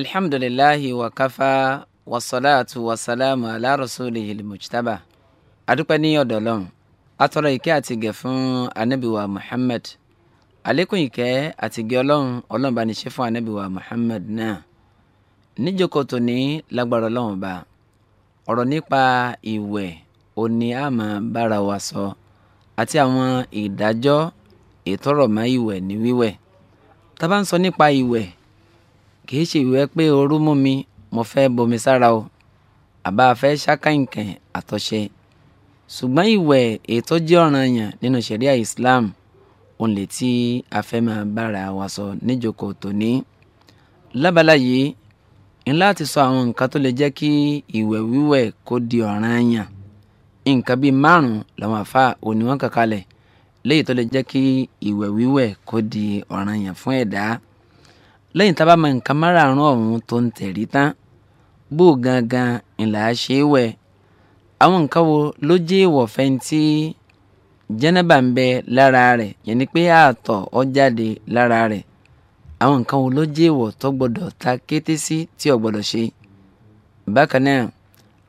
alhamdulilahi wa kafa wasalaatu wasalaamu ala rasulihi mujtaba adúpẹ́ ní ọ̀dọ̀ Ọlọ́run atọrọ ìkẹ́ àti gẹ̀ fún anabiwa muhammed àlékún ìkẹ́ àti gẹ̀ Ọlọ́run Ọlọ́run bá ní ṣe fún anabiwa muhammed náà níjókòó tòní lágbára Ọlọ́run bá ọ̀rọ̀ nípa ìwẹ̀ òní àmà bára wa sọ àti àwọn ìdájọ́ ìtọrọmọ ìwẹ̀ ní wíwẹ̀ tá bá ń sọ nípa ìwẹ̀ kì í ṣe ìwẹ́ pé ooru mú mi mo fẹ́ bomi sára o àbá fẹ́ ṣàkàǹkàn àtọ̀ṣe ṣùgbọ́n ìwẹ̀ ètò jẹ́ ọ̀ranyàn nínú ṣẹ̀ríà Islam òun lè tí a fẹ́ máa bára wa sọ níjókòó tòní. lábala yìí ń láti sọ àwọn nǹkan tó lè jẹ́ kí ìwẹ̀ wíwẹ̀ kó di ọ̀ranyàn nǹkan bíi márùn-ún làwọn àfa òní wọn kàkalẹ̀ léyìí tó lè jẹ́ kí ìwẹ̀ wíwẹ̀ kó di ọ̀ranyàn fún ẹ̀dá. E lẹ́yìn tá a bá mọ nǹkan márààrún ọ̀hún tó ń tẹ̀rí tán bó gangan ìlà ṣe é wẹ̀ àwọn nǹkan wo ló jẹ́ ìwọ̀fẹ́ tí jẹ́nẹ́bà ń bẹ lára rẹ̀ yẹn ni pé ààtọ̀ ó jáde lára rẹ̀ àwọn nǹkan wo ló jẹ́ ìwọ̀ tó gbọ́dọ̀ ta kété sí tí ó gbọ́dọ̀ ṣe bákan náà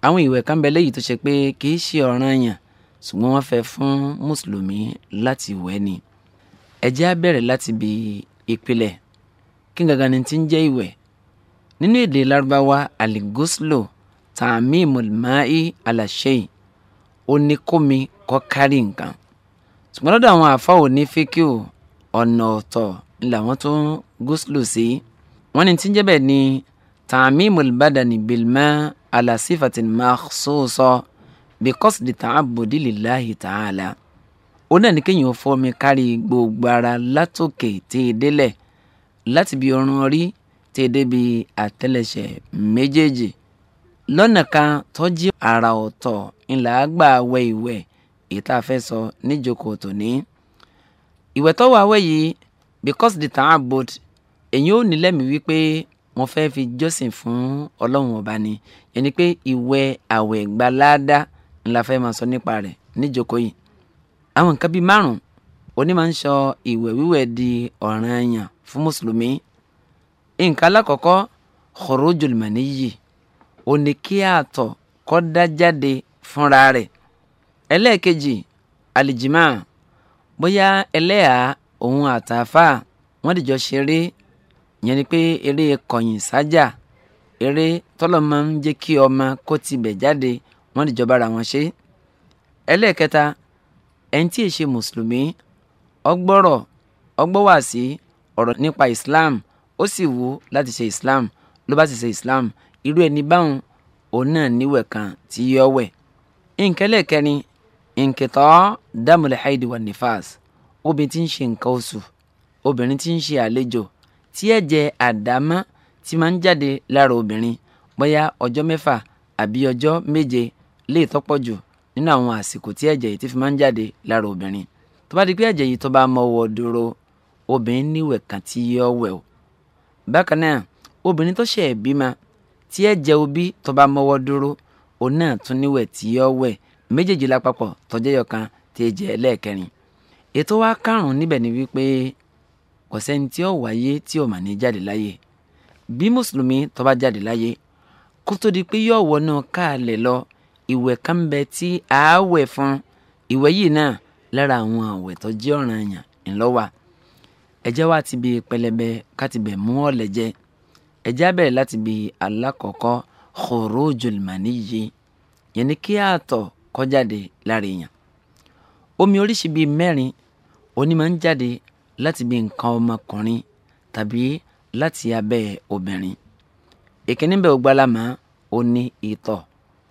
àwọn ìwẹ̀ kan bẹ léyìí tó ṣe pé kì í ṣe ọ̀ranyàn ṣùgbọ́n wọ́n fẹ́ fún mùsùlùmí láti wẹ̀ ni ẹ jẹ́ á bẹ̀rẹ̀ láti bi ìpìlẹ̀ kí n gangan ni ti ń jẹ́ ìwẹ̀ nínú èdè Lárúbáwá aligoslo tààmì mọ̀lmáì aláṣẹ́yì oníkómi kọ́ kárí nǹkan ṣùgbọ́n lọ́dọ̀ àwọn àfáwò ní fíkìú ọ̀nà ọ̀tọ̀ làwọn tó ń goslo sí wọ́n ní ti ń jẹ́ bẹ́ẹ̀ ni tààmì mọ̀lbádàní bilma alasifatin makhsusa bíkọ́sìdì tààbòdì lillahi ta'ala ó náà ní kéèyàn fọ́ mi kárí gbogbo ara látòkè tí ì délẹ̀ láti bí ọrùn orí ti débi àtẹ́lẹsẹ̀ méjèèjì lọ́nà kan tọ́jú àrà ọ̀tọ̀ ńlá gbà wẹ ìwẹ̀ èyí níjókòó tòní. ìwẹ̀ tó wà wẹ̀ yìí because the time boat èyí ò ní lẹ́mìí wípé wọ́n fẹ́ fi jọ́sìn fún ọlọ́run ọba ni ẹni pé ìwẹ̀ àwẹ̀ gbalada ńlá fẹ́ máa sọ nípa rẹ̀ níjókòó yìí. àwọn nǹkan bíi márùn-ún oní máa ń sọ ìwẹ̀ wíwẹ̀ di ọ̀ranyàn fún mùsùlùmí nǹkan alákọ̀ọ́kọ́ khurujul maniyyi ó ní kí àtọ̀ kó dá jáde fúnra rẹ̀ ẹlẹ́ẹ̀kejì alìjìmá bóyá ẹlẹ́à òun àtàfà wọ́n dìjọ ṣeré yẹn ni pé eré kọ̀yìn sájà eré tọ́lọ̀ máa ń jẹ́ kí ọmọ kó tibẹ̀ jáde wọ́n dìjọ bára wọn ṣe ẹlẹ́ẹ̀kẹta ẹni tí mùsùlùmí ọgbọ́rọ̀ ọgbọ́wàsí ọ̀rọ̀ nípa Islam ó sì wù láti ṣe Islam ló bá sì ṣe Islam irú ẹni báwọn òun náà níwẹ̀ kan tí yọ wẹ̀. nkẹ́lẹ̀ kẹrin nkìtọ́ dámúlẹ̀ haidi wà nífàs obìnrin tí ń ṣe nǹkan oṣù obìnrin tí ń ṣe àlejò tí ẹ̀jẹ̀ àdámọ́ tí máa ń jáde lára obìnrin bóyá ọjọ́ mẹ́fà àbí ọjọ́ méje lè tọ́pọ̀ jù nínú àwọn àsìkò tí ẹ̀jẹ̀ yìí ti fi máa ń jáde lára obìnrin tó bá di pé ẹ̀jẹ̀ yìí tó bá mọ́ wọ dúró obìnrin níwẹ̀ kan tí yọ wẹ̀ o bákan náà obìnrin tó ṣe bímọ tí ẹ jẹ obi tó bá mọ́wọ́ dúró òun náà tún níwẹ̀ tí yọ wẹ̀ méjèèjì lápapọ̀ tọ́jẹ́yọ kan tí ẹ jẹ lẹ́ẹ̀kẹrin ètò wa karùn-ún níbẹ̀ ni wípé kò sẹ́ni tí ó wáyé tí ó mà ní jáde láyé bí mùsùlùmí tó bá jáde láyé kó tó di pé yóò wọnú káàlẹ̀ lọ ìwẹ̀ kan bẹ tí a fún ìwẹ̀ yìí náà lára àwọn àwẹ̀ tó jẹ́ ọ̀ranyàn ńlọ́wà ẹ jẹ́ wá ti bi pẹlẹbẹ ká ti bẹ̀ mú ọ̀lẹ̀ jẹ ẹ jẹ́ á bẹ̀rẹ̀ láti bi alákọ̀ọ́kọ́ khurujul maniyyi yẹn ni kí àtọ̀ kó jáde lára èèyàn omi oríṣi bíi mẹ́rin oní máa ń jáde láti bí nǹkan ọmọkùnrin tàbí láti abẹ́ obìnrin ìkíní bẹ́ẹ̀ ògbálàmọ́ ó ní ìtọ̀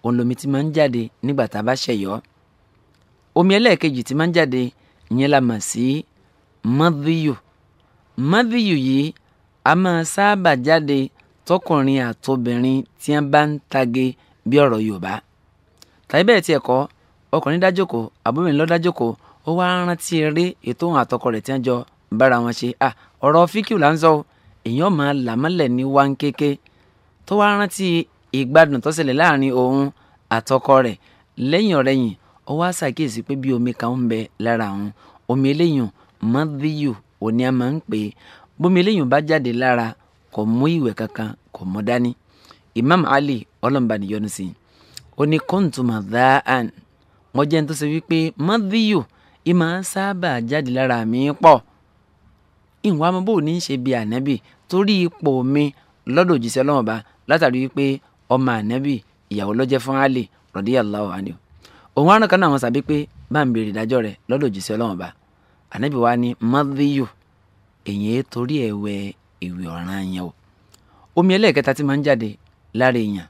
òun máa ń jáde nígbà tá a bá ṣẹ̀yọ́ omi ẹlẹ́ẹ̀kejì tí máa ń jáde ìyẹn la mọ̀ sí mọ́díyù mọ́bíyù yìí a máa sábà jáde tọkùnrin àtobìnrin tí wọ́n bá ń tage bí ọ̀rọ̀ Yorùbá tàbí bẹ́ẹ̀ tiẹ̀ kọ́ ọkùnrin dájókòó àbúròyìn lọ́dájókòó ó wá rántí eré ètò òun àtọkọ rẹ̀ tí wọ́n jọ bára wọn ṣe à ọ̀rọ̀ fíkìú là ń sọ èèyàn máa làmọ́lẹ̀ ní wá ń kéke tó wá rántí ìgbádùn tó ṣẹlẹ̀ láàrin òun àtọkọ rẹ̀ lẹ́yìn ọ̀rẹ́yìn ó wá ṣàkíyèsí pé bí omi kan ń bẹ lára òun omi eléyìn mọ́díyù òní a máa ń pè é bómi eléyìí bá jáde lára kò mú ìwẹ̀ kankan kò mú dání Imam Ali ọlọ́mbanìyọnu sí i ó ní kóńtùmọ̀ dáhàn wọ́n jẹ́ ní tó ṣe wípé mọ́díyù ìmọ̀ sábà jáde lára mi pọ̀ ìwọ̀n amọ́ bò ní í ṣe bí ànábì torí ipò mi lọ́dọ̀ òjíṣẹ́ ọlọ́mọba látàrí wípé ọmọ ànábì ìyàwó lọ́jẹ́ fún Ali radiyallahu anhu òun àrùn kan náà wọn sàbí pé bá ń béèrè ìdájọ́ rẹ̀ lọ́dọ̀ òjíṣẹ́ ọlọ́mọba ànábì wa ni mọ́díyù èyàn torí ẹ̀ wẹ ìwẹ̀ ọ̀ràn yẹn o omi ẹlẹ́ẹ̀kẹta tí máa ń jáde lára èèyàn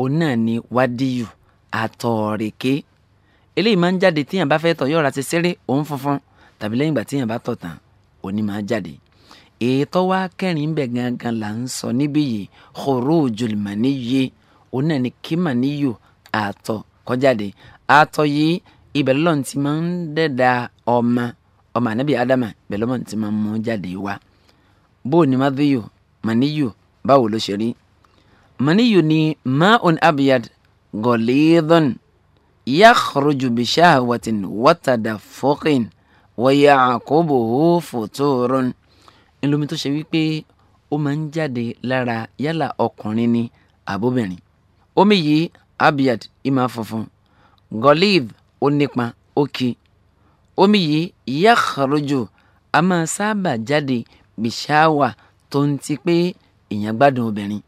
òun náà ni wádìyù àtọ̀ọ̀rẹ̀kẹ́ eléyìí máa ń jáde téèyàn bá fẹ́ tọ̀ yọ̀ọ̀ra ti ṣeré òun funfun tàbí lẹ́yìn ìgbà téèyàn bá tọ̀ tán òní máa jáde ètò wa kẹrin bẹ gangan là ń sọ níbí yìí khurujul maniyyi òun náà ni kí maniyyu àtọ̀ kó àtọ̀ yìí ibẹ̀ ọmọ anabi adama bẹ̀rẹ̀ lọ́mọ tí máa mú jáde wá bó ni madhiyu maniyu báwo ló ṣe rí maniyu ni ma'un abiyad gọ̀lẹ́dọ̀n yakhruju bishahwatin wọ́tàdà fọ́kìn wọ́yà àkóbòhó fòtòrún ńlọmi tó ṣe wípé ó máa ń jáde lára yálà ọkùnrin ni àbóbìnrin omi yìí abiyad ìmà funfun gọlíìb ó nípa ó ki omi yìí yakhruju a máa sábà jáde bishawa tó ń ti pé èèyàn gbádùn obìnrin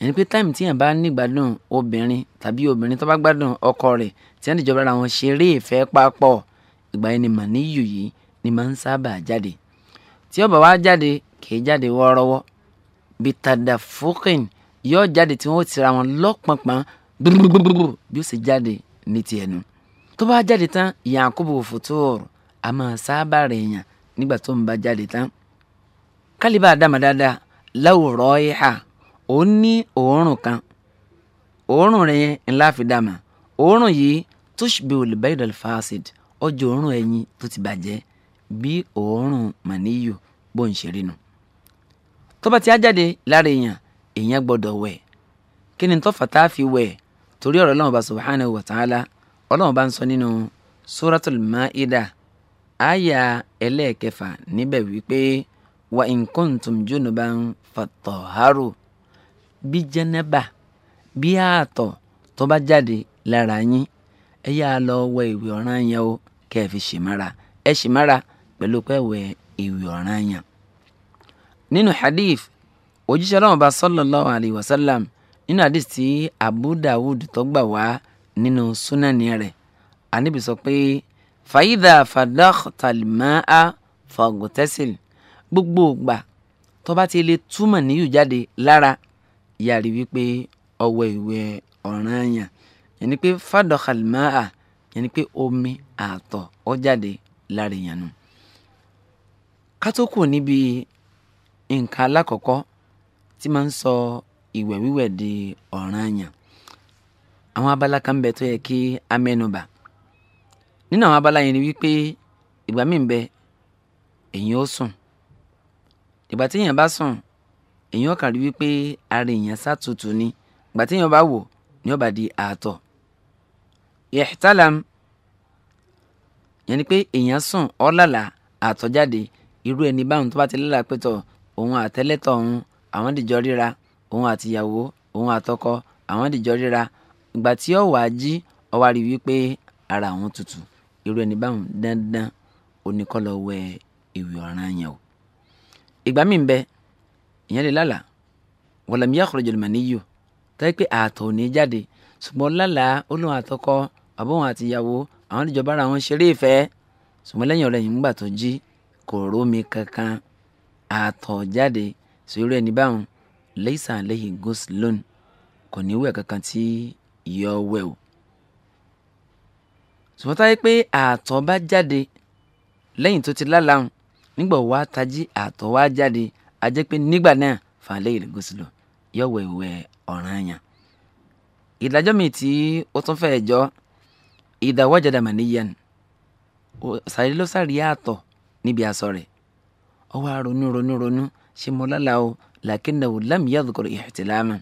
ẹni pé táìmù tíyàn bá nígbádùn obìnrin tàbí obìnrin tó bá gbádùn ọkọ rẹ̀ tí wọ́n dìjọba ara wọn ṣeré ìfẹ́ papọ̀ ìgbà yẹn ni màníyù yìí ni máa ń sábà jáde tí ó bá wá jáde kì í jáde wọ́ọ́rọ́wọ́ bíi tàdà fúkìn yóò jáde tí wọ́n ó tira wọn lọ́pọ̀npọ̀n gbúgbúgbúgbú bí ó sì jáde ní ti ẹnu tó bá jáde tán Yakubu futur a máa sábà rẹ̀ yàn nígbà tó ń bá jáde tán kálíbà dàmà dáadáa láwùrọ̀ ìhà ó ní òórùn kan òórùn rẹ̀ yẹn ńlá fi dàmà òórùn yìí tushbi olùbẹ́ẹ̀dọ̀lù fásid ọjọ́ òórùn ẹ̀yìn tó ti bàjẹ́ bí òórùn màníyù bó ń ṣe rí nu tó bá ti á jáde lára èèyàn èèyàn gbọ́dọ̀ wẹ̀ kí ni tó fàtà fi wẹ̀ torí ọ̀rọ̀ Ọlọ́hun bá subhanahu wa ta'ala ọlọ́run bá ń sọ nínú suratul ida aya ẹlẹ́ẹ̀kẹfà níbẹ̀ wípé wa in kuntum junuban fatọ̀hárò bí jẹ́nẹ́bà bí ààtọ̀ tó bá jáde lára yín ẹ yá lọ wẹ ìwé ọ̀ràn yẹn o kẹ́ ẹ fi ṣìmára ẹ ṣìmára pẹ̀lú pẹ́ ìwé ọ̀ràn yẹn. nínú hadith òjíṣẹ́ ọlọ́run bá sallallahu alayhi nínú hadith tí Abu Dawud tó gbà wá nínú súnáni rẹ̀ ànábì sọ pé fàyídà fàdákọtàlímáà fàgùtẹ́sìl gbogbo ìgbà tó bá ti lè túmọ̀ níyù jáde lára yàrí wípé ọwọ́ ìwẹ̀ ọ̀ranyàn yẹni pé fàdákọtàlímáà yẹni pé omi àtọ̀ ó jáde lára èèyàn nù. kátókù níbi nǹkan alákọ̀ọ́kọ́ tí máa ń sọ ìwẹ̀ wíwẹ̀ di ọ̀ranyàn àwọn abala kan bẹ tó yẹ kí a mẹ́nubà nínú àwọn abala yẹn ni wípé ìgbà míì bẹ èyàn ó sùn ìgbà tí èyàn bá sùn èyàn ó kàrí wípé ara èyàn sátutù ni ìgbà tí èyàn bá wò ni ó bá di ààtọ̀ ihtalam yẹn ni pé èyàn sùn ó lálàá irú ẹni báwọn tó bá ti lálàá pẹ̀tọ̀ òun àtẹ́lẹ́tọ̀ òun àwọn dìjọ ríra òun àtìyàwó òun àtọkọ àwọn dìjọ ríra ìgbà tí ó wá jí ó wípé ara àwọn tutù irú ẹni báwọn dandan oníkọlọ wẹ ìwé ọ̀ranyàn o ìgbà míì ń bẹ ìyẹn lè lálà wọlọmí àkọlọjọ lèmọ níyò táyé pé ààtọ̀ ò ní jáde ṣùgbọ́n lálà olóhùn àtọkọ àbọ̀wọ̀n àtìyàwó àwọn ìjọba ara wọn ṣeré ìfẹ́ ṣùgbọ́n lẹ́yìn ọ̀rẹ́ yìí ńgbà tó jí kò rómi kankan ààtọ̀ jáde sí irú ẹni báwọn lẹ́yìn sàn lẹ́yìn kò ní wẹ̀ kankan tí yọ wẹ̀ o ṣùgbọ́n táyé pé àtọ̀ bá jáde lẹ́yìn tó ti lálàáhùn nígbà wá tají àtọ̀ wá jáde a jẹ́ pé nígbà náà fàlẹ́ ìrẹ́gọ́sí lọ yọ wẹ̀ ìwẹ̀ ọ̀ranyàn ìdájọ́ mi tí ó tún fẹ́ jọ ìdáwọ́jàdà màníyàn sàrí ló sàrí àtọ̀ níbi aṣọ rẹ̀ ó wá ronú ronú ronú ṣe mọ́ lálàá o làkínà ò lámìyàdùkọ̀rọ̀ ìhìtìlámà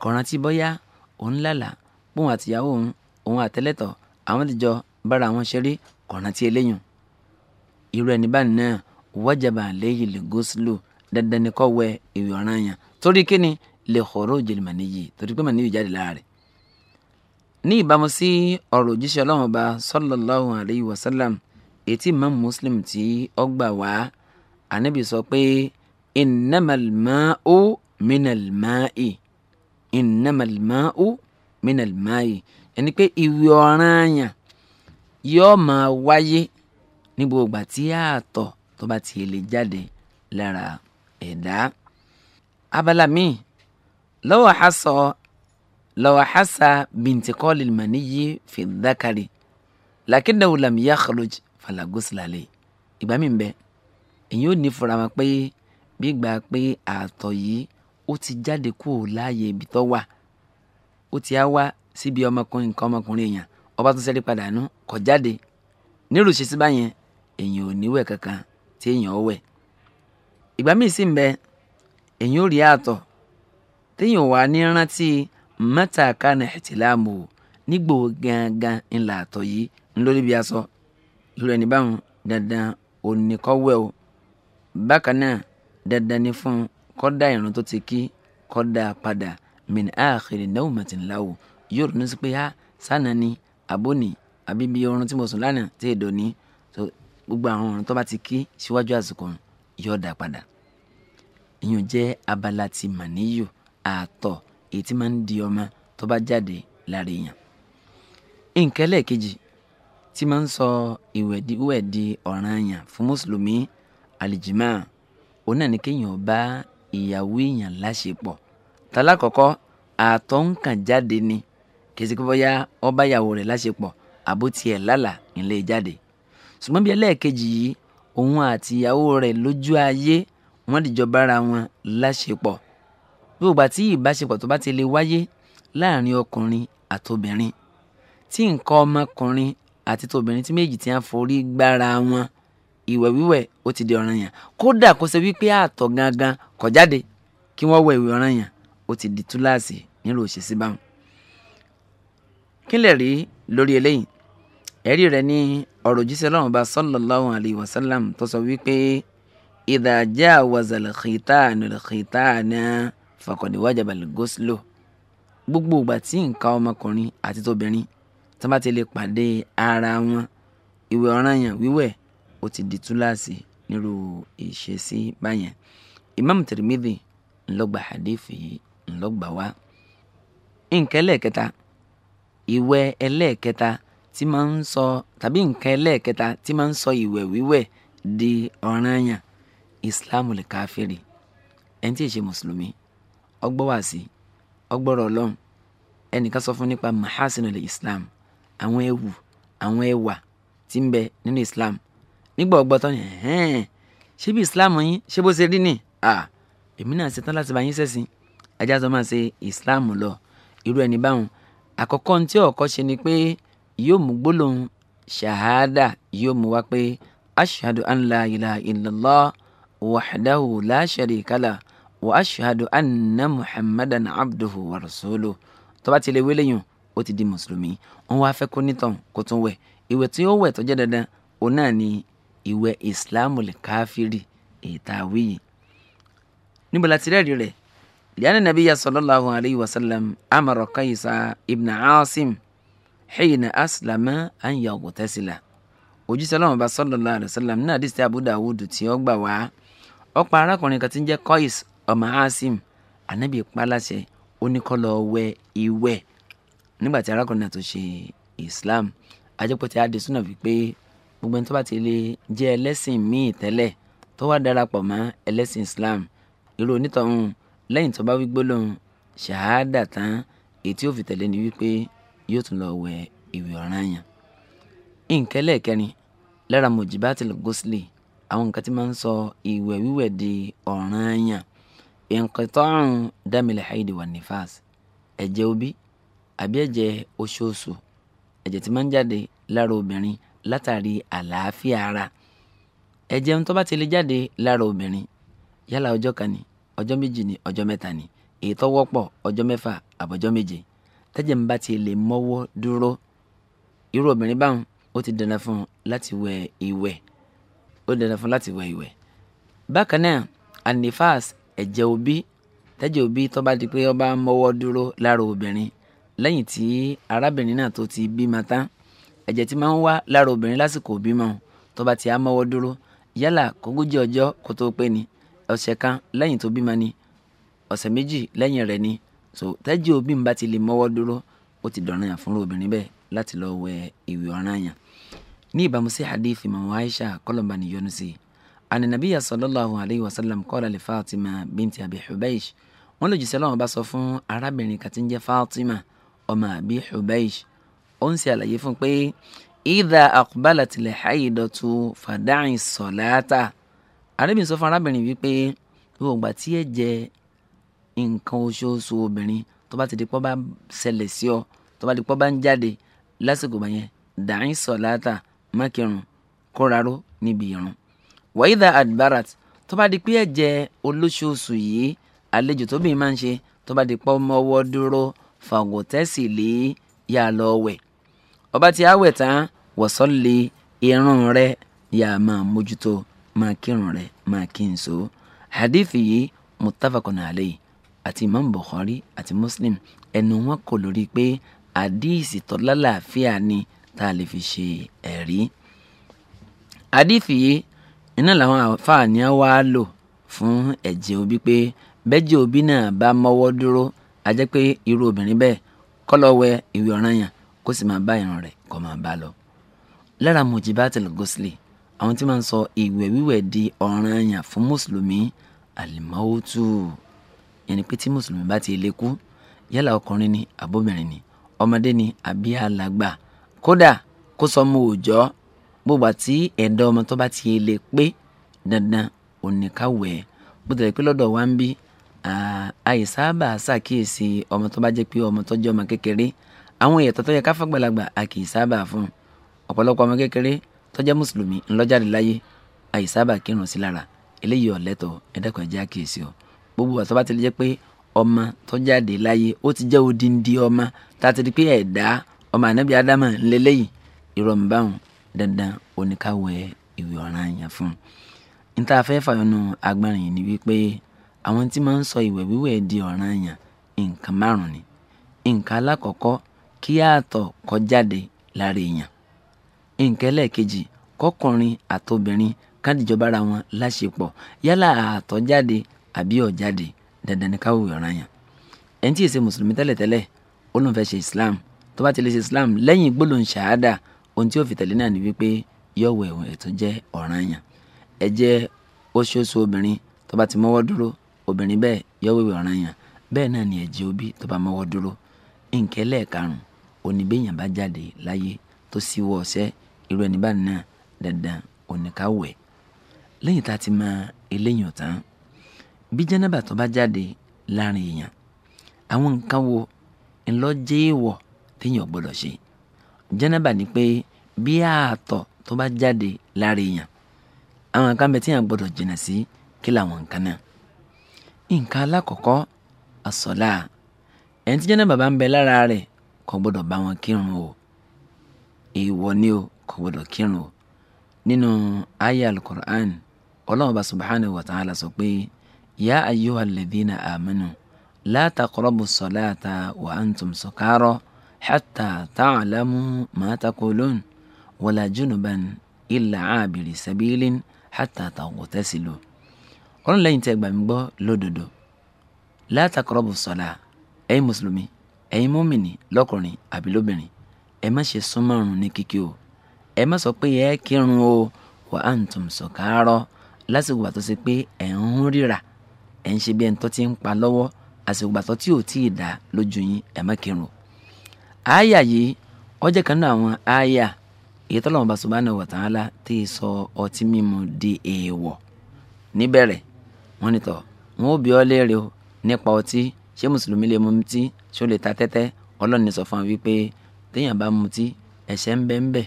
kọ̀ọ̀rántí bọ́yá òun lálàá póun àtìyàwó òun òun àtẹlẹtọ àwọn tìjọ bára àwọn ṣeré kọ̀ọ̀ràn tí eléyìn irú ẹni báyìí náà wájàbà lẹ́yìn lè gọ́sìlò dandan ni kó wẹ ìwé ọ̀ràn yẹn torí kíni lè kọ̀ọ̀rọ̀ òjèlè mà níyì torí pé mà níyì jáde láàrẹ̀. ní ìbámu sí ọ̀rọ̀ òjíṣẹ́ ọlọ́run ọba sallallahu alayhi wa sallam imam muslim tí ó gbà wá ànábì sọ pé innamal ma'u minal ma'i ìnàmàlmáù mínàlmáì ẹni pé ìwẹ̀ ọ̀ranyàn yóò máa wáyé ní gbogbo ìgbà tí ààtọ̀ tó bá ti lè jáde lára ẹ̀dá. abala míì lọ́wọ́ hasọ lọ́wọ́ hasa bintikọ́lì màníyí fìdákàrí làkíndáwó làmìyá kọlọ́j falagosílàlẹ̀ ìgbà mi ń èyí ò ní fura pé bí gbà pé ààtọ̀ yìí ó ti jáde kúrò láàyè ibi tó wà ó ti á wá síbi ọmọkùnrin nǹkan ọmọkùnrin èèyàn ọba tún sẹ́rí padà nú kọ̀ jáde nírú ṣe sí báyẹn èèyàn ò níwẹ̀ kankan tí èèyàn ó wẹ̀ ìgbà míì sì ń bẹ èèyàn ò rí àtọ̀ téèyàn wà ní rántí mẹ́ta kánà ẹ̀tìláàmù nígbò gangan ńlá àtọ̀ yìí ńlórí bí aṣọ irú ẹni báwọn dandan ò ní kọ́ wẹ̀ o bákan náà dandan ni fún un kọ́dà irun tó ti kí kọ́dà padà min akhiri naumatin lahu yóò ronú sí pé ha sànà ni àbóni àbí bí orun tí mo sùn lánàá tí èdò ní gbogbo àwọn orun tó bá ti kí síwájú àsìkò yóò dà padà ìyẹn jẹ́ abala ti màníyù àtọ̀ èyí tí máa ń di ọmọ tó bá jáde lára èèyàn nǹkan lẹ́ẹ̀kejì tí máa ń sọ ìwẹ̀díwẹ̀ di ọ̀ranyàn fún mùsùlùmí àlìjìmá òun náà ni kéèyàn bá ìyàwó èèyàn láṣepọ̀ tálákọ̀ọ́kọ́ àtọ̀ ń kàn jáde ni kìsì kí bóyá ọba ìyàwó rẹ̀ láṣepọ̀ àbó tiẹ̀ lálà ńlé jáde ṣùgbọ́n bí ẹlẹ́ẹ̀kejì yìí òun àti ìyàwó rẹ̀ lójú ayé wọ́n dìjọ bára wọn láṣepọ̀ gbogbo ìgbà tí ìbáṣepọ̀ tó bá ti lè wáyé láàrin ọkùnrin àtobìnrin tí nǹkan ọmọkùnrin àti tobìnrin tí méjì ti ń forí gbára wọn ìwẹ̀ wíwẹ̀ ó ti di ọ̀ranyàn kódà kó ṣe wípé àtọ̀ gangan kò jáde kí wọ́n wẹ̀ ìwẹ̀ ọ̀ranyàn ó ti di túláàsì nílò òṣèṣì báwọn. kí lè rí lórí eléyìí ẹ̀rí rẹ̀ ní ọ̀rọ̀ òjíṣẹ́ Ọlọ́run bá sallallahu alayhi wa sallam tó sọ wípé idha jawaza al-khitanu al-khitana faqad wajaba gbogbo ìgbà tí nǹkan ọmọkùnrin àti tóbìnrin tí bá ti lè pàdé ara wọn ìwẹ̀ ọ̀ranyàn wíwẹ̀ ó ti di túláàsì nírú ìṣesí báyẹn imam tirimidi ńlọgba hadithi ńlọgba wa nǹkan ẹlẹ́ẹ̀kẹta ìwẹ̀ ẹlẹ́ẹ̀kẹta tí máa ń sọ tàbí nǹkan di ọ̀ranyàn ìsìláàmù lè káfíìrì ẹni tí ì mùsùlùmí ọgbọ́ wà sí ọgbọ́rọ̀ ọlọ́run ẹnìkan sọ fún nípa islam àwọn ewu àwọn ẹwà tí ń bẹ islam nígbà ọgbọ́tọ́ ni ẹ̀hẹ́n ṣé bí islam yín ṣé bó ṣe rí ni èmi náà ṣetán láti bá yín ṣẹ̀sìn ajá sọ máa ṣe islam lọ irú ẹni báwọn àkọ́kọ́ tí ọ̀kọ́ ṣe ni pé yóò mú gbólóhùn ṣàhádà yóò mú wá pé ashhadu anla la ilaha illallah wahdahu la sharika la anna muhammadan abduhu wa rasuluhu tó bá ti lè yùn ó ti di mùsùlùmí wọn wá fẹ́ kó nítàn kó tún wẹ̀ ìwẹ̀ tí ó wẹ̀ tó dandan òun náà ni ìwẹ̀ ìsìláàmù káfírì ìtàwí yìí níbo la ti rẹ́ẹ̀rí rẹ̀ lẹ́yìn nàbí ya sallallahu alayhi wa sallam amara kaisa ibn asim xeyina asilama anya ogutasila ojúṣe ọlọ́run bá sallallahu alayhi wa sallam náà dísítẹ́ abu dawud tí ó gbà wá ó pa arákùnrin kan tí ń jẹ́ kais ọmọ asim anabi paláṣẹ oníkọlọ wẹ ìwẹ̀ nígbàtí arákùnrin náà tó ṣe islam ajẹ́pọ̀tẹ́ adesuna fi pé gbogbo ẹni tó bá ti lè jẹ́ ẹlẹ́sìn míì tẹ́lẹ̀ tó wá darapọ̀ mọ́ ẹlẹ́sìn Islam irú onítọ̀hún lẹ́yìn tó bá wí gbólóhùn ṣàhádà tán èyí tí ó fi tẹ̀lé ni wípé yóò tún lọ wẹ ìwẹ̀ ọ̀ranyàn. nǹkan lẹ́ẹ̀kẹrin lára mujibatil gusli àwọn nǹkan tí máa ń sọ ìwẹ̀ wíwẹ̀ di ọ̀ranyàn inqita'un damil haidi wan nifas ẹ̀jẹ̀ obi àbí ẹ̀jẹ̀ oṣooṣù ẹ̀jẹ̀ tí máa ń jáde lára obìnrin látàrí àlàáfíà ara ẹ̀jẹ̀ tó bá ti lè jáde lára obìnrin yálà ọjọ́ kan ni ọjọ́ méjì ni ọjọ́ mẹ́ta ni èyí tó wọ́pọ̀ ọjọ́ mẹ́fà àbọ̀jọ́ méje tẹ́jẹ̀ ń bá ti lè mọ́wọ́ dúró irú obìnrin báwọn ó ti dandan fún un láti wẹ ìwẹ̀ ó dandan fún un láti wẹ ìwẹ̀ bákan náà anifas ẹ̀jẹ̀ òbí tẹ́jẹ̀ òbí tó bá di pé ó bá mọ́wọ́ dúró lára obìnrin lẹ́yìn tí arábìnrin náà tó ti bímọ tán ẹ̀jẹ̀ tí máa ń wá lára obìnrin lásìkò bímọ tó bá ti á mọ́wọ́ dúró yálà kógójì ọjọ́ kó tó pé ni ọ̀sẹ̀ kan lẹ́yìn tó bímọ ni ọ̀sẹ̀ méjì lẹ́yìn rẹ̀ ni so tẹ́jú òbí mi bá ti lè mọ́wọ́ dúró ó ti dọ̀ràn yàn fúnra obìnrin bẹ́ẹ̀ láti lọ wẹ ìwé ọ̀ràn yàn ní ìbámu sí hadith mamu Aisha kọlọmba niyọnu sí àní nàbíyà sallallahu alayhi wa sallam kọ́ra lè Fatima binti abi Hubaysh wọn lè jù sẹ́lọ́wọ́n bá sọ fún arábìnrin kàtí Fatima ọmọ abi Hubaysh ó ń ṣe àlàyé fún un pé ìdá àkùbálà tilẹ̀ háyìdọ̀tù fàdáhìn sọ̀láàtà arábìnrin sọ fún arábìnrin wípé gbogbo ìgbà tí ẹ jẹ nǹkan oṣooṣù obìnrin tó bá ti di pọ́ bá ṣẹlẹ̀ sí ọ tó bá di pọ́ bá ń jáde lásìkò báyẹn dàín sọ̀láàtà mákìrún kóraró níbi ìrun. wàyídà adbarat tó bá di pé ẹ̀jẹ̀ olóṣooṣù yìí àlejò tóbi máa ń ṣe tó bá di pọ́ mọ́wọ́ dúró fàgòtẹ́sì lé yà lọ wẹ̀ ọba tí a wẹ̀ tán wọ̀sọ́lé irun rẹ yà máa mójútó máa kírun rẹ máa kí n so hadithi yìí muttafaqun alayhi àti imam bukhari àti muslim ẹnu wọn kò lórí pé àdíìsì tó lálàáfíà ni tá a lè fi ṣe ẹ̀rí. àdíìsì yìí iná làwọn àfààní wa lò fún ẹ̀jẹ̀ òbí pé bẹ́jẹ̀ òbí náà bá mọ́wọ́ dúró a jẹ́ pé irú obìnrin bẹ́ẹ̀ kó lọ wẹ̀ ìwẹ̀ ọ̀ranyàn kó sì máa bá irun rẹ̀ kó máa bá lọ. lára mujibatil gusli àwọn tí máa ń sọ ìwẹ̀ wíwẹ̀ di ọ̀ranyàn fún mùsùlùmí àlìmọ́wótú yẹnni pé tí mùsùlùmí bá ti lè kú yálà ọkùnrin ni àbóbìnrin ni ọmọdé ni àbí alàgbà kódà kó sọ ọmọ òòjọ́ gbogbo àti ẹ̀dá ọmọ tó bá ti lè pé dandan oníkàwẹ̀ bó tilẹ̀ pé lọ́dọ̀ wa ń bí àìsábà ṣàkíyèsí ọmọ tó bá jẹ́ pé ọmọ tó jẹ́ ọmọ kékeré àwọn ìyàtọ̀ tó yẹ ká fàgbàlagbà a kì í sábà fún un ọ̀pọ̀lọpọ̀ ọmọ kékeré tó jẹ́ mùsùlùmí ńlọ́jáde láyé àì sábà kírun sí lára eléyìí ọ̀lẹ́tọ̀ ẹ̀dẹ́kọ̀ ẹ̀já kìsì ọ gbogbo àtọ́ bá ti lè jẹ́ pé ọmọ tó jáde láyé ó ti jẹ́ odindi ọmọ tá a ti di pé ẹ̀dá ọmọ ànábì ádámà ńlẹ́lẹ́yìí ìrọ̀mbáhùn dandan oníkàwé ìwé ọ̀ràn yẹn fún un níta fẹ́ fàyọnu agbárin ni wípé àwọn tí máa ń sọ ìwẹ̀ di ọ̀ràn yẹn nǹkan márùn-ún ni nǹkan alákọ̀ọ́kọ́ kí àtọ̀ kó jáde lára èèyàn nǹkan ẹlẹ́ẹ̀kejì kọkùnrin àtobìnrin kádìjọba ara wọn láṣepọ̀ yálà àtọ̀ jáde àbí ò jáde dandan ni káwọ́ ìran yàn ẹni tí èsè mùsùlùmí tẹ́lẹ̀tẹ́lẹ̀ ó lóun fẹ́ ṣe islam tó bá ti ṣe islam lẹ́yìn gbólóhùn ṣàhádà ohun tí ó fi tẹ̀lé náà ni wípé yọ̀wọ̀ ẹ̀wọ̀n ètò jẹ́ ọ̀ràn yàn ẹ jẹ́ oṣooṣù obìnrin tó bá ti mọ́wọ́ dúró obìnrin bẹ́ẹ̀ yọ̀wọ̀ ẹ̀wọ̀n ọ̀ràn yàn bẹ́ẹ̀ náà ni ẹ̀jẹ̀ obi tó bá mọ́wọ́ dúró nkẹ́lẹ́ karùn-ún òní béèyàn bá jáde láyé tó síwọ́ ọ̀sẹ́ irú ẹni báyìí náà dandan òní ká wẹ̀ lẹ́yìn tá a ti mọ eléyìí ọ̀tán bí jẹ́nẹ́bà tó bá jáde láàrin èèyàn àwọn nǹkan wo ńlọ́jẹ́wọ̀ téèyàn gbọ́dọ̀ ṣe jẹ́nẹ́bà ni pé bí ààtọ̀ tó bá jáde lára èèyàn àwọn nǹkan bẹ téèyàn gbọ́dọ̀ jìnnà sí kí làwọn nǹkan náà nǹkan alákọ̀ọ́kọ́ àsọ̀lá ẹni tí jẹ́nẹ́bà bá ń bẹ lára rẹ̀ kò gbọdọ̀ bá wọn kírun o èèwọ̀ ni o kò gbọdọ̀ kírun o nínú aya al-Qur'an ọlọ́run bá subhanahu wa ta'ala sọ pé ya ayyuhal ladhina amanu la taqrabu salata wa antum sukara hatta ta'lamu ma taqulun wala junuban illa abiri sabilin hatta taghtasilu ọlọ́run lẹ́yìn tẹ́ gbàmígbọ́ lódodo la taqrabu salat ẹ̀yin mùsùlùmí ẹ̀yin mọ́mìnì lọ́kùnrin àbí lóbìnrin ẹ má ṣe súnmọ́ ìrun ní kíkí o ẹ má sọ pé ẹ kírun o wà á ń tún sọ̀kárọ̀ lásìkò àtọ́ sí pé ẹ̀ ń hún ríra ẹ̀ ń ṣe bí ẹni tó ti ń pa lọ́wọ́ àsìkò àtọ́ tí ò tí dá lójú yín ẹ má kírun o. àáyà yìí ó kan náà àwọn àáyà èyí tó lọ́wọ́ bá subhanahu wa ta'ala tí ì sọ ọtí mímu di èèwọ̀ níbẹ̀rẹ̀ wọ́n ní tọ̀ wọ́n ó bi ọ́ léèrè o nípa ọtí ṣé mùsùlùmí lè mu mutí ṣó lè ta tẹ́tẹ́ ọlọ́run ní sọ fún wa wípé téèyàn bá mutí ẹ̀ṣẹ̀ ń bẹ ń bẹ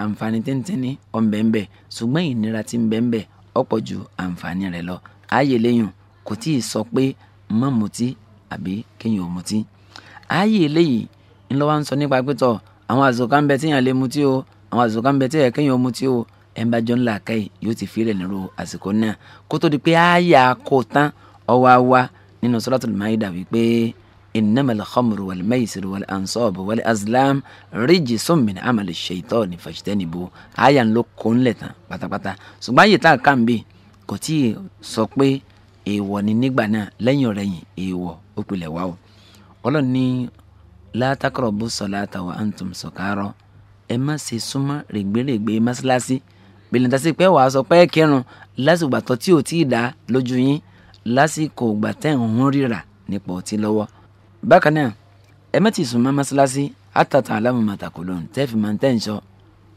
àǹfààní tíntìní ọ̀ ń bẹ ń bẹ ṣùgbọ́n ìnira tí ń bẹ ọ̀pọ̀ ju àǹfààní rẹ̀ lọ ààyè lẹ́yìn kò tí sọ pé má mutí àbí kéèyàn ò mutí ààyè eléyìí ńlọ wa ń sọ nípa pé àwọn àzùkọ kan bẹ téèyàn lè mutí o àwọn àzùkọ kan bẹ téèyàn mutí o ẹ̀ ń bá jọ ńlá káyì yóò ti fi rẹ̀ nírú àsìkò náà kó tó di pé ààyè àkó tán nínú suratul maida wípé innamal khamru wal maisiru wal ansabu wal azlam rijsun min amali shaitani fajtanibu àyà ńlọ kó ńlẹ̀ tán pátápátá ṣùgbọ́n àyè tá a kà ń bì kò tí ì sọ pé èèwọ̀ ni nígbà náà lẹ́yìn ọ̀rẹ́yìn èèwọ̀ ó pilẹ̀ wá o ọlọ́run ní la taqrabu salata wa antum sukara ẹ má ṣe súnmọ́ règbèrègbè mọ́ṣáláṣí bìlìntàsí wàá sọ pé kírun lásìgbà tí ò tí ì dá lójú yín lásìkò ìgbà tẹ̀ ń hún ríra nípa ọtí lọ́wọ́ bákan náà ẹ mẹ́tì sùn mọ́ mọ́ṣáláṣí àtàtà alámùmọ̀tàkù lóhùn tẹ́ fi máa ń tẹ́ ń sọ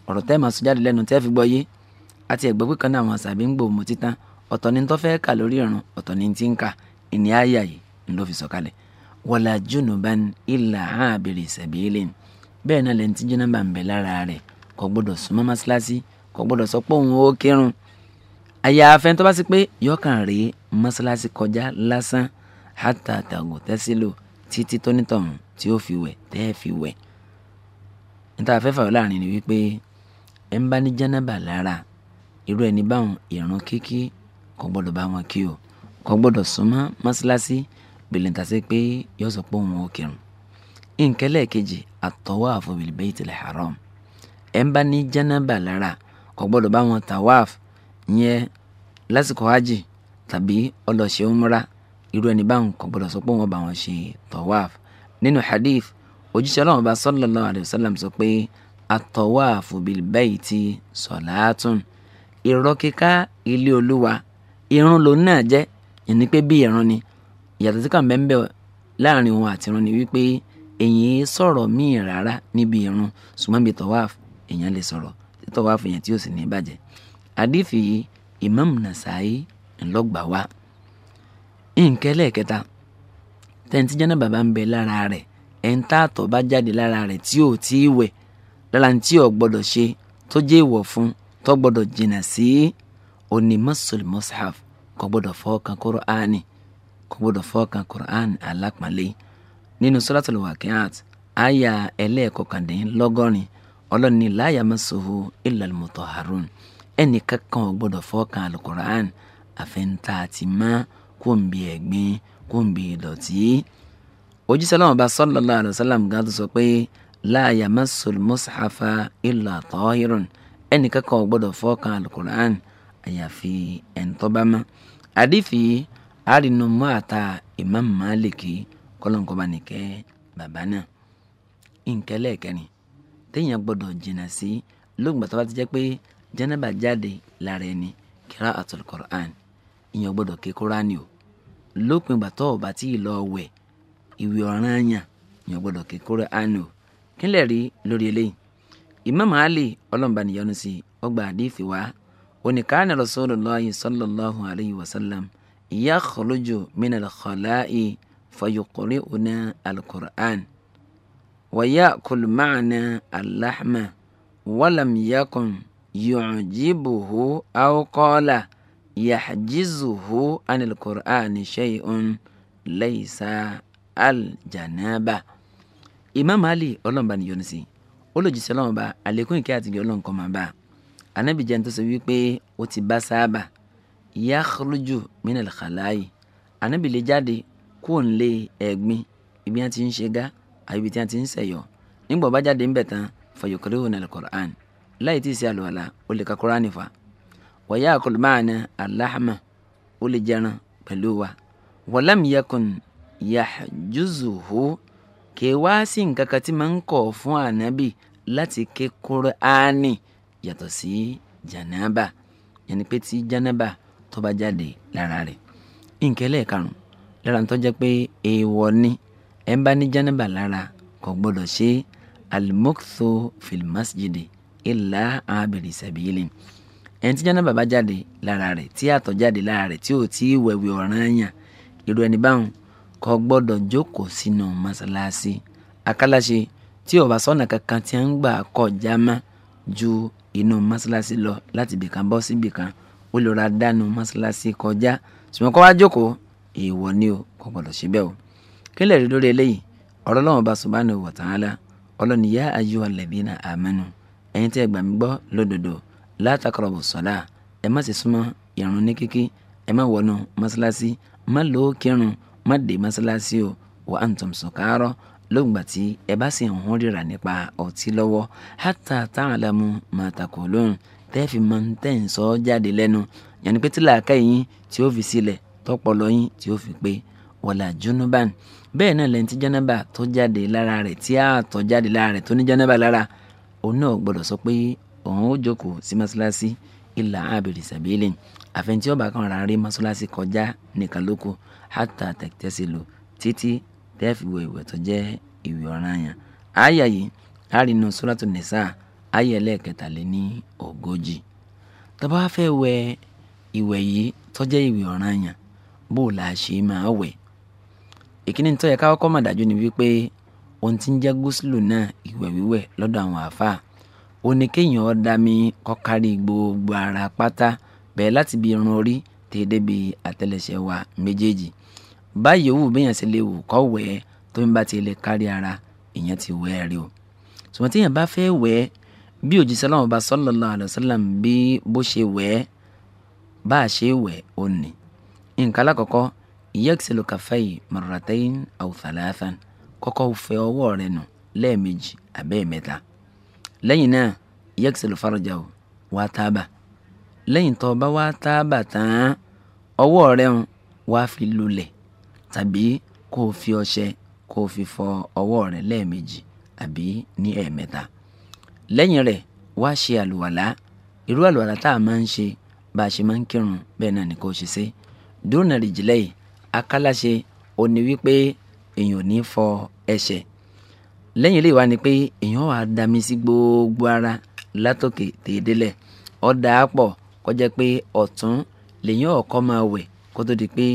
ọ̀rọ̀ tẹ́ máa sọ jáde lẹ́nu tẹ́ fi gbọ́ yé àti ẹ̀gbọ́n pé náà àwọn àṣàbí ń gbò mú títán ọ̀tọ̀ ni tó fẹ́ kà lórí ìrun ọ̀tọ̀ ni ti ń kà ìní àyà yìí ń ló fi sọ̀kalẹ̀ wala junuban illa abiri sabilin bẹ́ẹ̀ náà lẹ́ni tí jẹ́ nọ́mbà ń bẹ lára àyàfẹ́ tó bá sí pé yọkàn rí mọ́ṣáláṣí kọjá lásán hátà tàgò tẹ́sílò títí tónítọ̀hún tí ó fi wẹ̀ tẹ́ ẹ fi wẹ̀. níta afẹ́fà láàrin ni wípé ẹ ń bá ní jánábà lára irú ẹni báwọn ìrun kíkí kò gbọ́dọ̀ bá wọn kí o kò gbọ́dọ̀ súnmọ́ mọ́ṣáláṣí bìlìntà pé yóò sọ pé òun ò kírun. nkẹ́lẹ́ kejì àtọwáàfù bil baytil haram ẹ ń bá ní jánábà lára kò gbọ́dọ̀ bá wọn tàwáàfù yẹn lásìkò hajj tàbí ọlọ́ṣẹ umra irú ẹni báwọn kò gbọdọ̀ sọ pé wọ́n bá wọn ṣe tọ́wáf nínú hadith òjíṣẹ́ ọlọ́run bá sallallahu alayhi wa sallam sọ pé atọ́wáàfù bil bayti sọ̀láàtún ìrọ̀ kíká ilé olúwa irun lòun náà jẹ́ ìní pé bí irun ni ìyàtọ̀ tí kàn bẹ́ẹ̀ láàrin òun àti irun ni wípé èyàn sọ̀rọ̀ míì rárá níbi irun ṣùgbọ́n bíi tọ́wáàfù èyàn lè sọ̀rọ̀ tọ́wáàfù yẹn tí ó sì ní bàjẹ́ àdìfì yìí Imam Nasai ńlọgbà wá nǹkan ẹlẹ́ẹ̀kẹta tẹ́ǹtí jẹ́nà bàbá ń bẹ lára rẹ̀ ẹ̀ńtà àtọ̀ bá jáde lára rẹ̀ tí ò tí ì wẹ̀ lára tí ò gbọ́dọ̀ ṣe tó jẹ́ ìwọ̀ fún tó gbọ́dọ̀ jìnnà sí òní mọ́sùl mọ́sáf kò gbọ́dọ̀ fọ́ọ̀kan Kùránì kò gbọ́dọ̀ fọ́ọ̀kan Kùránì alápàlẹ́ nínú Suratul Waqi'at àyà ẹlẹ́ẹ̀kọkàndínlọ́gọ́rin ọlọ́ni la yamassuhu illa al ẹnì kankan ò gbọdọ̀ fọkàn alukur'an àfẹnta àti má kó ń bi ẹ̀gbin kó ń bi ìdọ̀tí. òjíṣẹ́ ọlọ́run bá sallallahu alaihi wasallam gan tó sọ pé la yamassul mushafa illa tahirun ẹnì kankan ò gbọdọ̀ fọkàn alukur'an àyàfi ẹ̀ńtọ́bámá. àdìfí àrínúmọ́ àta Imam Maliki kọ́lọ́nkọ́ba nìkẹ́ bàbá náà. nkẹ́lẹ́ kẹrin téèyàn gbọdọ̀ jìnnà sí lóògbà tó bá ti jẹ́ pé jẹ́nẹ́bà jáde lára ẹni kíra àtúl Qur'an ìyẹn gbọ́dọ̀ ké kúránì o lópin ìgbà tó o bá tí ì lọ wẹ̀ ìwé ọ̀ràn àyàn ìyẹn gbọ́dọ̀ ké kúránì o kílẹ̀ rí lórí eléyìí Imam Ali ọlọ́mùbá nìyọnu sí ọgbà àdìfì wá oníkàánì Rasulullahi sallallahu alayhi wa sallam yakhruju minal khala'i fayuqri'una al-Qur'an wa ya'kul ma'ana al-lahma yọ̀njìbùhù àwòkọ́lá yàjìzùhù anilkùránì ṣẹ́yìn lẹ́yìísá aljanaba. Imam Ali ọlọ́mọba ni yọ̀nùsí olójúṣe ọlọ́mọba àlékún ìkẹ́ àtìgẹ́ ọlọ́nkọ́ máa bá anábìjẹ́ tó sọ wípé ó ti bá sáábà yakhruju minal khalayi anábìlẹ̀ jáde kúrò nílé ẹ̀gbin ibi tí wọ́n ti ń ṣe gá àbí ibi tí wọ́n ti ń ṣẹ̀yọ̀ nígbà bá jáde ńbẹ̀ tán fayokore wọn al láì tí ì ṣe àlùwàlà ó lè ka Kùránì fa wàyà àkọlù máa ní aláhàmà ó lè jẹran pẹ̀lú wa wàlám yakun yahjuzuhu kì í wá sí nǹkan kan tí máa ń kọ̀ fún ànábì láti ké Kùránì yàtọ̀ sí jànáàbà yẹn ni pé tí jànáàbà tó bá jáde lára rẹ̀ nkẹlẹ karùn lára ń tọ́jẹ́ pé èèwọ̀ ni ẹ ń bá ní jẹ́nẹ́bà lára kò gbọ́dọ̀ ṣe alimokso filimasjidi ìlà abiri sẹ̀bìlì ẹni tí jánábà bá jáde lára rẹ̀ tí àtọ̀ jáde lára rẹ̀ tí ò tí ì wẹ̀wẹ̀ ọ̀ranyàn irú ẹni báwọn kò gbọ́dọ̀ jókòó sínú mọ́sálásí akálàṣe tí ó sọ́nà kankan tí ń gbà kọjá má ju inú mọ́sálásí lọ láti ibìkan bọ́ sí ibìkan ó lè ra dánu mọ́sálásí kọjá ṣùgbọ́n kó wá jókòó èèwọ̀ ni o kò gbọ́dọ̀ ṣe bẹ́ẹ̀ o kí lè rí lórí eléyìí ọ̀rọ̀ Ọlọ́run Ọba subhanahu wa ta'ala ọlọ́ni yá ayyuhal ladhina amanu ẹ̀yin tí ẹ gbà mí gbọ́ lódodo látàkọrọ̀bù sọ̀dá ẹ má sì súnmọ́ ìrun ní kíkí ẹ má wọnú mọ́sálásí má lò ó kírun má dé mọ́sálásí o wà á ń tọ̀ sọ̀kárọ̀ lóògbà tí ẹ bá sì ń hún ríra nípa ọtí lọ́wọ́ hátà táàlámù máa tàkò lóhùn tẹ́ẹ̀fì máa ń tẹ̀ ń sọ ọ́ jáde lẹ́nu yẹnni pé tí yín tí ó fi sílẹ̀ tọpọlọ yín tí ó fi pé wọ̀là júnúbàn bẹ́ẹ̀ náà lẹ́yìn tí jánábà tó jáde lára rẹ̀ tí àtọ̀ jáde lára rẹ̀ tó ní jánábà lára òun náà gbọ́dọ̀ sọ pé òun ó jókòó sí mọ́ṣáláṣí ìlà abèrè sàbílẹ̀ àfẹnití ọba kan ra rí mọ́ṣáláṣí kọjá nìkan lóko hátà tẹ̀tẹ̀sílò títí tẹ́fìwé ìwẹ̀ tó jẹ́ ìwẹ̀ ọ̀ranyàn. àyà yìí a rí inú sóràtò nìsà àyà ẹlẹ́ẹ̀kẹtàléní ogójì. tá bá fẹ́ wẹ ìwẹ̀ yìí tó jẹ́ ìwẹ̀ ọ̀ranyàn bó la ṣe máa wẹ̀. ìkíni tó yẹ ká kọ́kọ́ dájú ni wípé ohun tí ń jẹ́ gúúsùlù náà ìwẹ̀ wíwẹ̀ lọ́dọ̀ àwọn àáfàá ó ní kéèyàn ó dami kọ́kárí gbogbo ara pátá bẹ̀rẹ̀ láti bí irun orí tèdè bí àtẹlẹsẹ̀ wa méjèèjì báyìí òwú bẹ́yàn sì lè wù kọ́ wẹ̀ ẹ́ tó ń bá ti lè kárí ara ìyẹn ti wẹ̀ rí o ṣùgbọ́n téèyàn bá fẹ́ wẹ̀ bí òjíṣẹ́ láwọn ọba sallallahu alaihi wasallam bí bó ṣe wẹ̀ bá a ṣe wẹ̀ ó nǹkan alákọ̀ọ́kọ́ ìyẹ́kìsílò kàfẹ́yì marratayn aw kọ́kọ́ fẹ ọwọ́ rẹ nù lẹ́ẹ̀mejì àbẹ́ẹ̀mẹ́ta lẹ́yìn náà yẹ́kisẹ̀lú farajà o wá tábà lẹ́yìn tó bá wá tábà tán ọwọ́ rẹ ń wá fi lulẹ̀ tàbí kó o fi ọṣẹ kó o fi fọ ọwọ́ rẹ lẹ́ẹ̀mejì àbí ní ẹ̀ẹ̀mẹ́ta lẹ́yìn rẹ̀ wá ṣe àlùwàlá irú àlùwàlá tá a máa ń ṣe bá a ṣe máa ń kírun bẹ́ẹ̀ náà ni kò ṣe ṣe dúró nàìjíríà yìí akálàṣe òní wípé èyàn ò ní fọ ẹsẹ̀ lẹ́yìn ilé wa ni pé èyàn wà á dami sí gbogbo ara látòkè tèédélẹ̀ ọ̀dà pọ̀ kọjá pé ọ̀tún lèyàn ọ̀kọ́ máa wẹ̀ kó tó di pé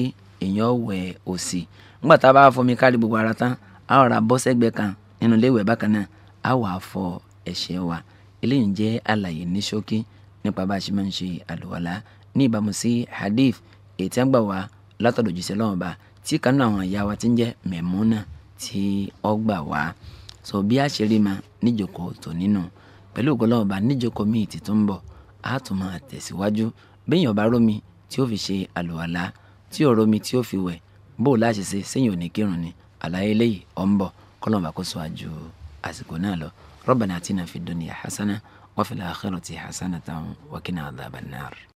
èyàn wẹ̀ òsì nígbà tá a bá fọmi kárí gbogbo ara tán a ọ̀rà bọ́ sẹ́gbẹ́ kan nínú iléèwé ìwẹ̀ bákan náà a wà á fọ ẹsẹ̀ wa eléyìí jẹ́ àlàyé ní ṣókí nípa bá a ṣe máa ń ṣe àlùwàlá ní ìbámu sí hadith èyí tí a gbà wá látọ̀dọ̀ jíṣẹ́ lọ́wọ́ bá a tí kan náà àwọn ìyá wa ti ń jẹ́ Mẹ̀múnà tí ó gbà wá sọ bí a ṣe rí ma níjòkó tó nínú pẹ̀lú ògbọ́lọ́ọ̀bá níjòkó míì ti tún ń bọ̀ á tún máa tẹ̀síwájú bẹ́yìn ọ̀bá rómi tí ó fi ṣe àlùwàlá tí ò rómi tí ó fi wẹ̀ bó o láṣẹ ṣe sẹ́yìn òní kírun ni àlàyé lẹ́yìn ọ̀ ń bọ̀ kọ́lọ́ọ̀bá kó sọ àsìkò náà lọ ربنا اتنا في الدنيا حسنه وفي الاخره حسنه وقنا عذاب النار